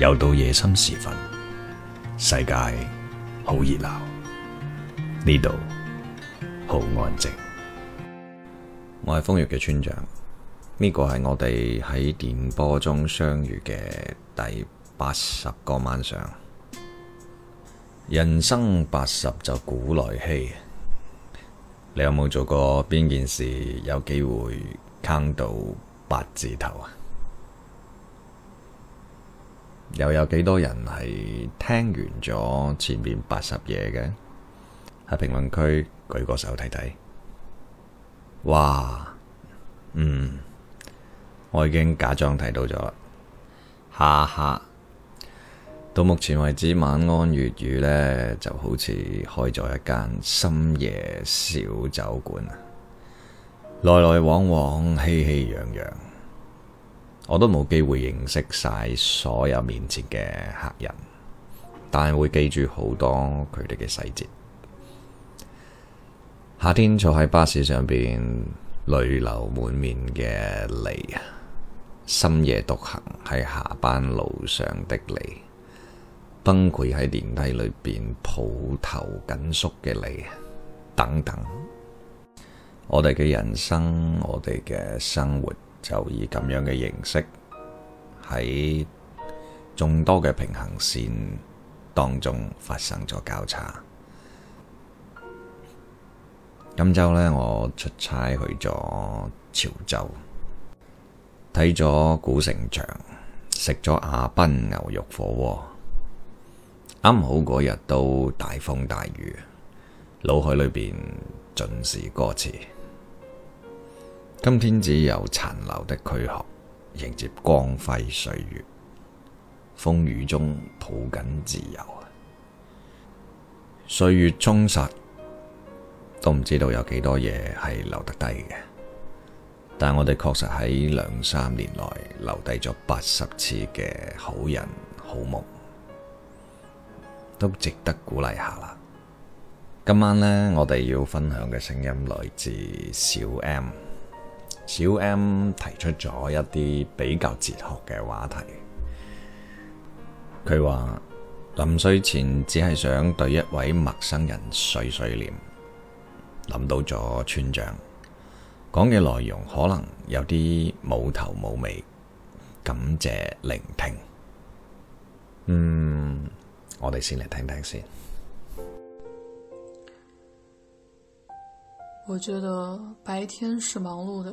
又到夜深時分，世界好熱鬧，呢度好安靜。我係瘋粵嘅村長，呢個係我哋喺電波中相遇嘅第八十個晚上。人生八十就古來稀，你有冇做過邊件事有機會 COUNT 到八字頭啊？又有幾多人係聽完咗前面八十嘢，八十夜嘅？喺評論區舉個手睇睇。哇，嗯，我已經假裝睇到咗啦，哈哈。到目前為止，晚安粵語呢就好似開咗一間深夜小酒館啊，來來往往，熙熙攘攘。我都冇機會認識晒所有面前嘅客人，但係會記住好多佢哋嘅細節。夏天坐喺巴士上邊淚流滿面嘅你，深夜獨行喺下班路上的你，崩潰喺電梯裏邊抱頭緊縮嘅你，等等。我哋嘅人生，我哋嘅生活。就以咁樣嘅形式喺眾多嘅平行線當中發生咗交叉。今周呢，我出差去咗潮州，睇咗古城牆，食咗阿彬牛肉火鍋。啱好嗰日都大風大雨，腦海裏邊盡是歌詞。今天只有殘留的軀殼迎接光輝歲月，風雨中抱緊自由。歲月沖刷，都唔知道有幾多嘢係留得低嘅。但我哋確實喺兩三年來留低咗八十次嘅好人好夢，都值得鼓勵下啦。今晚呢，我哋要分享嘅聲音來自小 M。小 M 提出咗一啲比較哲學嘅話題。他說，佢話臨睡前只係想對一位陌生人碎碎念，諗到咗村長講嘅內容，可能有啲冇頭冇尾，感謝聆聽。嗯，我哋先嚟聽聽先。我覺得白天是忙碌的。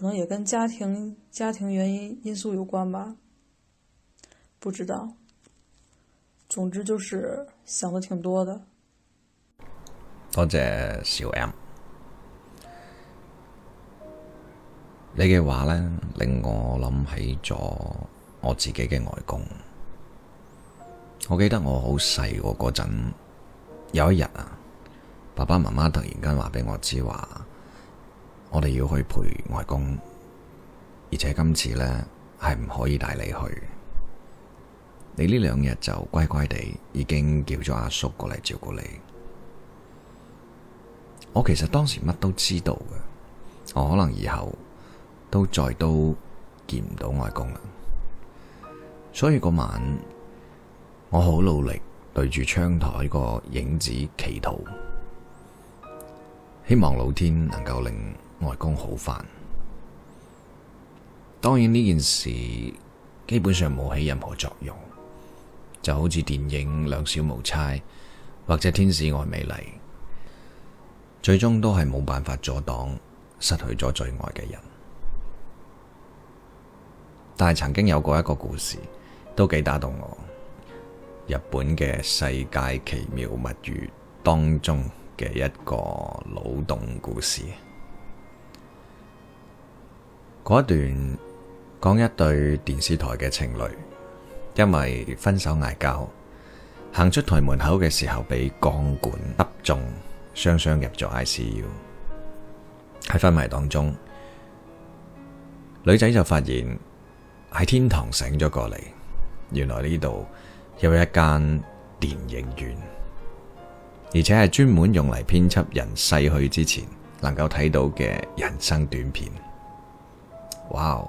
可能也跟家庭家庭原因因素有關吧，不知道。總之就是想得挺多的。多謝小 M，你嘅話呢，令我諗起咗我自己嘅外公。我記得我好細個嗰陣，有一日啊，爸爸媽媽突然間話俾我知話。我哋要去陪外公，而且今次咧係唔可以帶你去。你呢兩日就乖乖地，已經叫咗阿叔過嚟照顧你。我其實當時乜都知道嘅，我可能以後都再都見唔到外公啦。所以嗰晚我好努力對住窗台個影子祈禱，希望老天能夠令，外公好返，當然呢件事基本上冇起任何作用，就好似電影《兩小無猜》或者《天使愛美麗》，最終都係冇辦法阻擋失去咗最愛嘅人。但係曾經有過一個故事，都幾打動我。日本嘅世界奇妙物語當中嘅一個腦洞故事。嗰一段講一對電視台嘅情侶，因為分手嗌交，行出台門口嘅時候被鋼管揼中，雙雙入咗 ICU。喺昏迷當中，女仔就發現喺天堂醒咗過嚟，原來呢度有一間電影院，而且係專門用嚟編輯人逝去之前能夠睇到嘅人生短片。哇，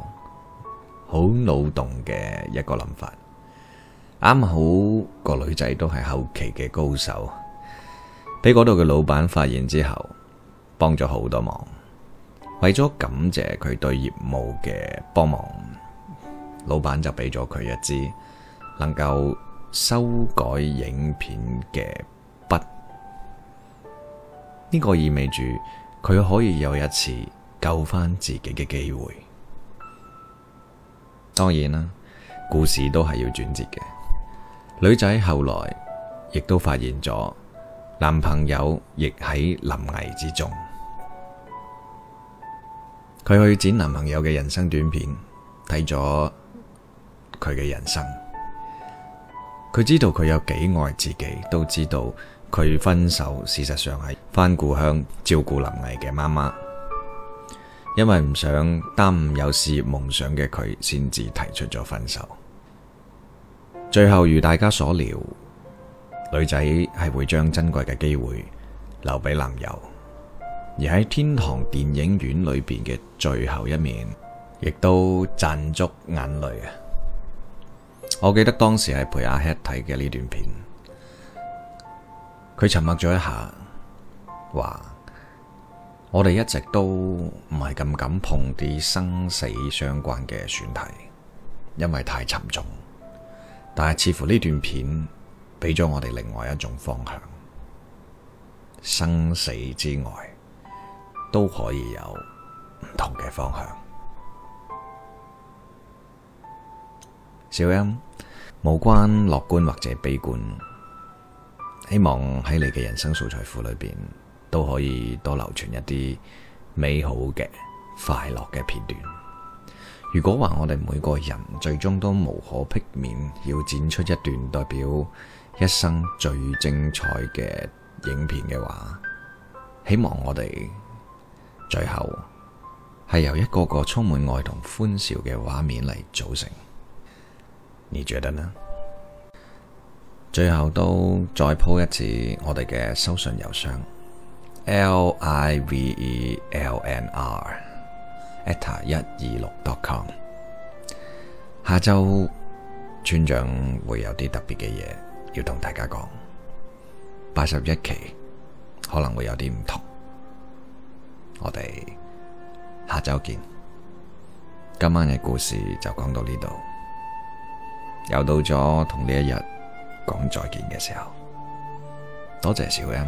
好腦洞嘅一個諗法。啱好個女仔都係後期嘅高手，俾嗰度嘅老闆發現之後，幫咗好多忙。為咗感謝佢對業務嘅幫忙，老闆就俾咗佢一支能夠修改影片嘅筆。呢個意味住佢可以有一次救翻自己嘅機會。當然啦，故事都係要轉折嘅。女仔後來亦都發現咗，男朋友亦喺臨危之中。佢去剪男朋友嘅人生短片，睇咗佢嘅人生。佢知道佢有幾愛自己，都知道佢分手事實上係返故鄉照顧臨危嘅媽媽。因為唔想耽誤有事業夢想嘅佢，先至提出咗分手。最後如大家所料，女仔係會將珍貴嘅機會留俾男友，而喺天堂電影院裏邊嘅最後一面，亦都賺足眼淚啊！我記得當時係陪阿 HEAD 睇嘅呢段片，佢沉默咗一下，話。我哋一直都唔係咁敢碰啲生死相關嘅選題，因為太沉重。但係似乎呢段片俾咗我哋另外一種方向，生死之外都可以有唔同嘅方向。小 m，無關樂觀或者悲觀，希望喺你嘅人生素材庫裏邊。都可以多留存一啲美好嘅、快樂嘅片段。如果話我哋每個人最終都無可避免要剪出一段代表一生最精彩嘅影片嘅話，希望我哋最後係由一個個充滿愛同歡笑嘅畫面嚟組成。你覺得呢？最後都再 PO 一次我哋嘅收信郵箱。L I V E L N R a t a 一二六 dotcom，下周村長會有啲特別嘅嘢要同大家講，八十一期可能會有啲唔同，我哋下周見，今晚嘅故事就講到呢度，又到咗同呢一日講再見嘅時候，多謝小 M。